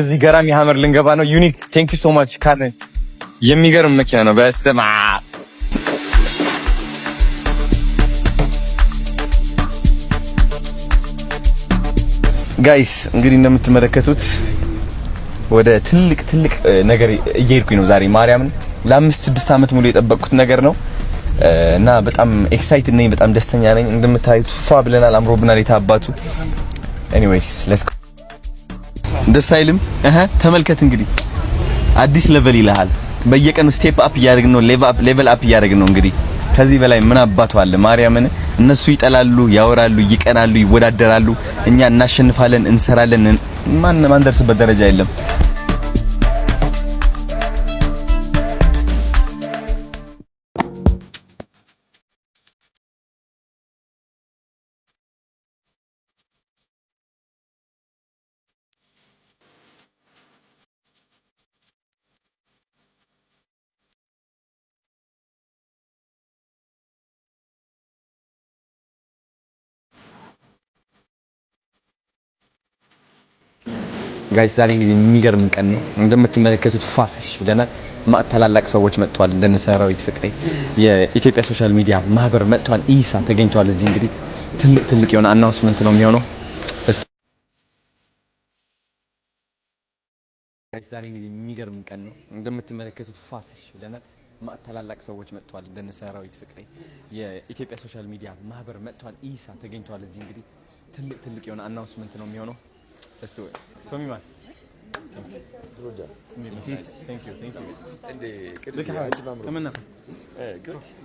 እዚህ ገራሚ ሀመር ልንገባ ነው። ዩኒክ ቴንክ ዩ ሶ ማች ካርኔት የሚገርም መኪና ነው። በስማ ጋይስ እንግዲህ እንደምትመለከቱት ወደ ትልቅ ትልቅ ነገር እየሄድኩኝ ነው ዛሬ። ማርያምን ለአምስት ስድስት ዓመት ሙሉ የጠበቅኩት ነገር ነው እና በጣም ኤክሳይትድ ነኝ። በጣም ደስተኛ ነኝ። እንደምታዩት ፏ ብለናል፣ አምሮብናል። የታባቱ ኤኒዌይስ ሌትስ ደስ አይልም? እህ ተመልከት እንግዲህ አዲስ ሌቨል ይልሃል። በየቀኑ ስቴፕ አፕ እያደረግን ነው፣ ሌቨል አፕ እያደረግን ነው። እንግዲህ ከዚህ በላይ ምን አባቱ አለ? ማርያምን እነሱ ይጠላሉ፣ ያወራሉ፣ ይቀናሉ፣ ይወዳደራሉ። እኛ እናሸንፋለን፣ እንሰራለን። ማን ማንደርስበት ደረጃ የለም። ጋይስ ዛሬ እንግዲህ የሚገርም ቀን ነው። እንደምትመለከቱት ፋፈሽ ብለናል። ታላላቅ ሰዎች መጥተዋል። እንደነ ሰራዊት ፍቅሬ የኢትዮጵያ ሶሻል ሚዲያ ማህበር መጥተዋል። ኢሳ ተገኝተዋል። እዚህ እንግዲህ ትልቅ ትልቅ የሆነ አናውንስመንት ነው የሚሆነው። ጋይስ ዛሬ እንግዲህ የሚገርም ቀን ነው። እንደምትመለከቱት ፋፈሽ ብለናል። ታላላቅ ሰዎች መጥተዋል። እንደነ ሰራዊት ፍቅሬ የኢትዮጵያ ሶሻል ሚዲያ ማህበር መጥተዋል። ኢሳ ተገኝተዋል። እዚህ እንግዲህ ትልቅ ትልቅ የሆነ አናውንስመንት ነው የሚሆነው Let's do it. Tommy man. እንኳን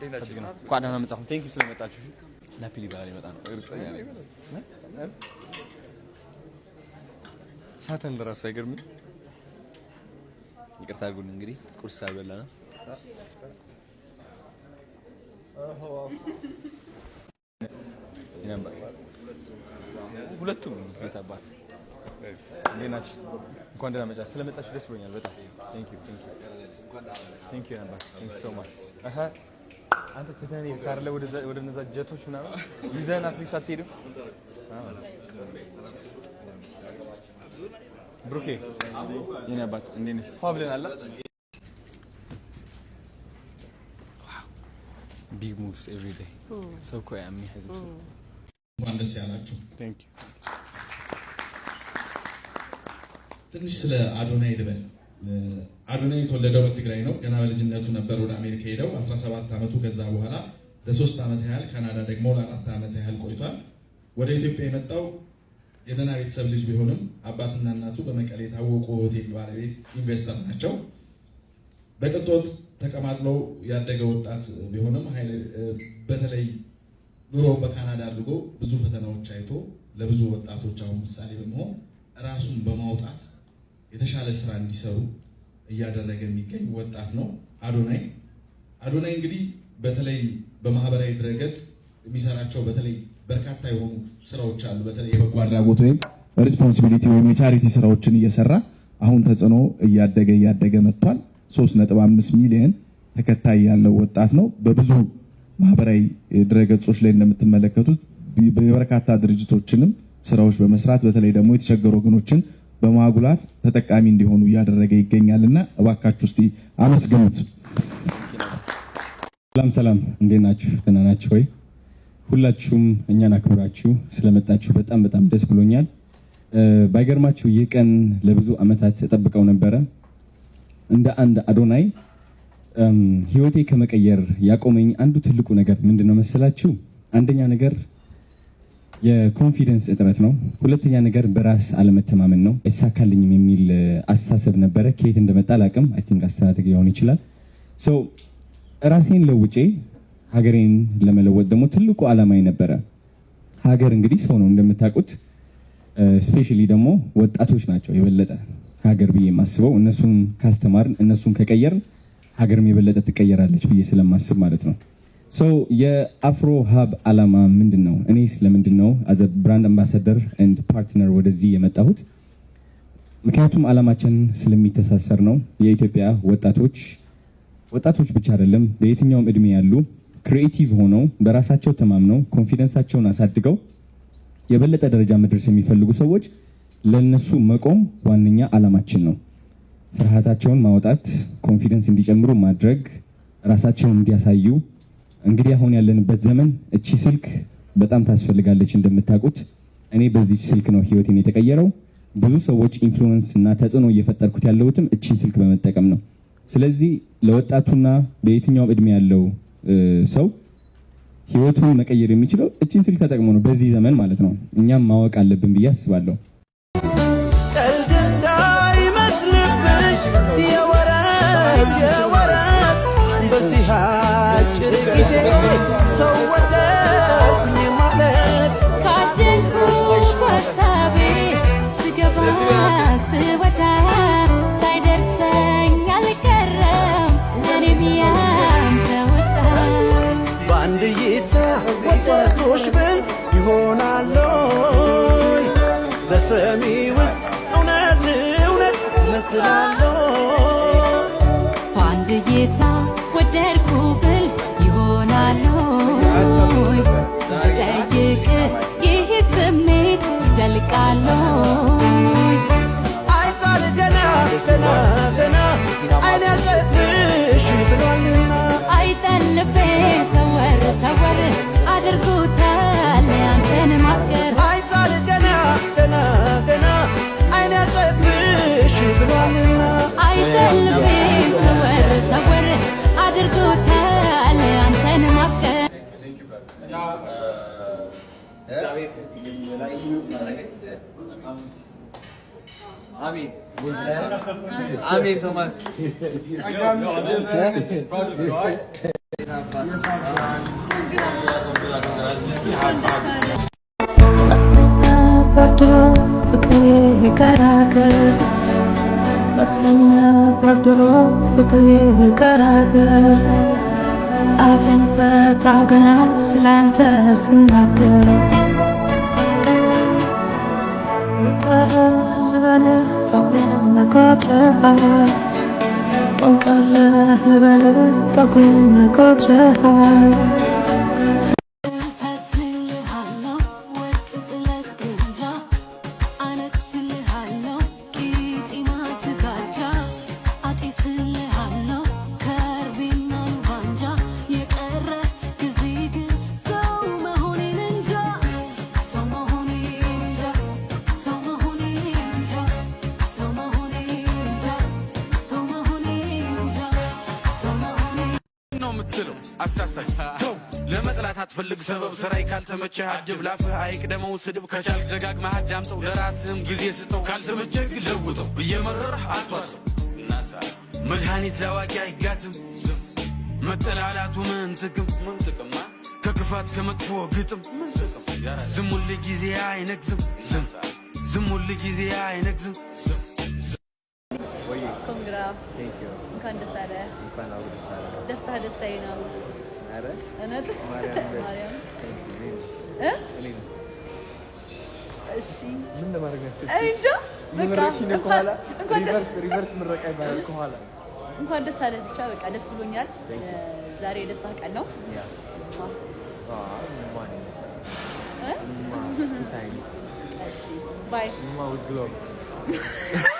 ደህና መጣችሁ። ቴንክ ዩ ስለመጣችሁ። ናፒ ሊበላል ይመጣ ነው። ሳተን ለራሱ አይገርምም። ይቅርታ አድርጉን። እንግዲህ ቁርስ አልበላ ነው። ሁለቱም ነው አባት እንዴት ናችሁ? እንኳን ደህና መጣችሁ። ስለመጣችሁ ደስ ብሎኛል በጣም ቴንክ ዩ ቴንክ ዩ አንተ ትተህ ካለ ወደ እነዛ ጀቶች ምናምን ይዘህን አትሊስት አትሄድም? ብሩኬ የኔ አባት እንዴት ነሽ? ፏ ብለን አለ ቢግ ሙቭስ ኤቭሪ ሰው እኮ የሚያዝብ እንኳን ደስ ያላችሁ ትንሽ ስለ አዶናይ ልበል። አዶናይ የተወለደው በትግራይ ነው። ገና በልጅነቱ ነበር ወደ አሜሪካ ሄደው 17 ዓመቱ። ከዛ በኋላ ለሶስት ዓመት ያህል ካናዳ ደግሞ ለአራት ዓመት ያህል ቆይቷል። ወደ ኢትዮጵያ የመጣው የደህና ቤተሰብ ልጅ ቢሆንም አባትና እናቱ በመቀሌ የታወቁ ሆቴል ባለቤት ኢንቨስተር ናቸው። በቅጦት ተቀማጥሎ ያደገ ወጣት ቢሆንም በተለይ ኑሮ በካናዳ አድርጎ ብዙ ፈተናዎች አይቶ ለብዙ ወጣቶች አሁን ምሳሌ በመሆን ራሱን በማውጣት የተሻለ ስራ እንዲሰሩ እያደረገ የሚገኝ ወጣት ነው አዶናይ። አዶናይ እንግዲህ በተለይ በማህበራዊ ድረገጽ የሚሰራቸው በተለይ በርካታ የሆኑ ስራዎች አሉ። በተለይ የበጎ አድራጎት ወይም ሪስፖንሲቢሊቲ ወይም የቻሪቲ ስራዎችን እየሰራ አሁን ተጽዕኖ እያደገ እያደገ መጥቷል። 3.5 ሚሊዮን ተከታይ ያለው ወጣት ነው። በብዙ ማህበራዊ ድረገጾች ላይ እንደምትመለከቱት የበርካታ ድርጅቶችንም ስራዎች በመስራት በተለይ ደግሞ የተቸገሩ ወገኖችን በማጉላት ተጠቃሚ እንዲሆኑ እያደረገ ይገኛልና እባካችሁ እስቲ አመስግኑት። ሰላም ሰላም፣ እንዴት ናችሁ? ደህና ናችሁ ወይ? ሁላችሁም እኛን አክብራችሁ ስለመጣችሁ በጣም በጣም ደስ ብሎኛል። ባይገርማችሁ ይህ ቀን ለብዙ ዓመታት ተጠብቀው ነበረ። እንደ አንድ አዶናይ ህይወቴ ከመቀየር ያቆመኝ አንዱ ትልቁ ነገር ምንድን ነው መሰላችሁ? አንደኛ ነገር የኮንፊደንስ እጥረት ነው። ሁለተኛ ነገር በራስ አለመተማመን ነው። አይሳካልኝም የሚል አስተሳሰብ ነበረ። ከየት እንደመጣ አላቅም። አይ ቲንክ አስተዳደግ ሊሆን ይችላል። ራሴን ለውጬ ሀገሬን ለመለወጥ ደግሞ ትልቁ አላማዬ ነበረ። ሀገር እንግዲህ ሰው ነው እንደምታውቁት፣ ስፔሻሊ ደግሞ ወጣቶች ናቸው የበለጠ ሀገር ብዬ የማስበው እነሱን ካስተማርን እነሱን ከቀየርን ሀገርም የበለጠ ትቀየራለች ብዬ ስለማስብ ማለት ነው። ሰው የአፍሮ ሀብ አላማ ምንድን ነው? እኔስ ለምንድን ነው አዘ ብራንድ አምባሳደር ኤንድ ፓርትነር ወደዚህ የመጣሁት? ምክንያቱም ዓላማችን ስለሚተሳሰር ነው። የኢትዮጵያ ወጣቶች ወጣቶች ብቻ አይደለም፣ በየትኛውም እድሜ ያሉ ክሪኤቲቭ ሆነው በራሳቸው ተማምነው ኮንፊደንሳቸውን አሳድገው የበለጠ ደረጃ መድረስ የሚፈልጉ ሰዎች ለነሱ መቆም ዋነኛ አላማችን ነው። ፍርሃታቸውን ማውጣት፣ ኮንፊደንስ እንዲጨምሩ ማድረግ፣ ራሳቸውን እንዲያሳዩ እንግዲህ አሁን ያለንበት ዘመን እቺ ስልክ በጣም ታስፈልጋለች። እንደምታውቁት እኔ በዚህ ስልክ ነው ህይወቴን የተቀየረው። ብዙ ሰዎች ኢንፍሉዌንስ እና ተጽዕኖ እየፈጠርኩት ያለሁትም እቺን ስልክ በመጠቀም ነው። ስለዚህ ለወጣቱና ለየትኛውም እድሜ ያለው ሰው ህይወቱን መቀየር የሚችለው እቺን ስልክ ተጠቅሞ ነው፣ በዚህ ዘመን ማለት ነው። እኛም ማወቅ አለብን ብዬ አስባለሁ። ሰው ወደድኩኝ ማለት ካደንኩሽ ስገባ ስወጣ ሳይደርሰኝ አልቀረም እኔም ያንተ ወጣ በአንድ እይታ ወደድኩሽ ብል እውነት እውነት እመስላለሁ በአንድ ብሏልና አይጠልቤ ሰወር ሰወር አድርጉታል አንተን ማስገር አይጣል ገና ገና ገና አይነ ጠግብሽ ብሏልና እግዚአብሔር ከዚህ ላይ ማረገት አሜን አሜን። ቶማስ በርድሮ ፍቅር ገራገር አፌን ፈታ ገና ስላንተ ስናገር ፀጉሬንም ነካክለሃል ጠንቃለህ ልበልህ ፀጉሬንም ነካክለሃል ለመጥላት አትፈልግ ሰበብ ስራይ ካልተመቸህ አድብ ላፍህ አይቅደመው ስድብ ከቻልክ ደጋግመህ አዳምጠው ለራስህም ጊዜ ስጠው ካልተመቸህ ግን ለውጠው እየመረርህ አቷጠው መድኃኒት ላዋቂ አይጋትም መጠላላቱ ምን ጥቅም ከክፋት ከመጥፎ ግጥም ዝም ሁል ጊዜ አይነግዝም ዝም ሁል ጊዜ አይነግዝም ኮንግራ እንኳን ደስ አለ። ደስታ ደስታዬ ነው። እውነት ማርያም እሺ ምን ለማድረግ እንጃ ሪቨርስ ምረቃ ይባላል። ከኋላ እንኳን ደስ አለ ብቻ በቃ ደስ ብሎኛል። ዛሬ የደስታ ቀን ነው። ባይ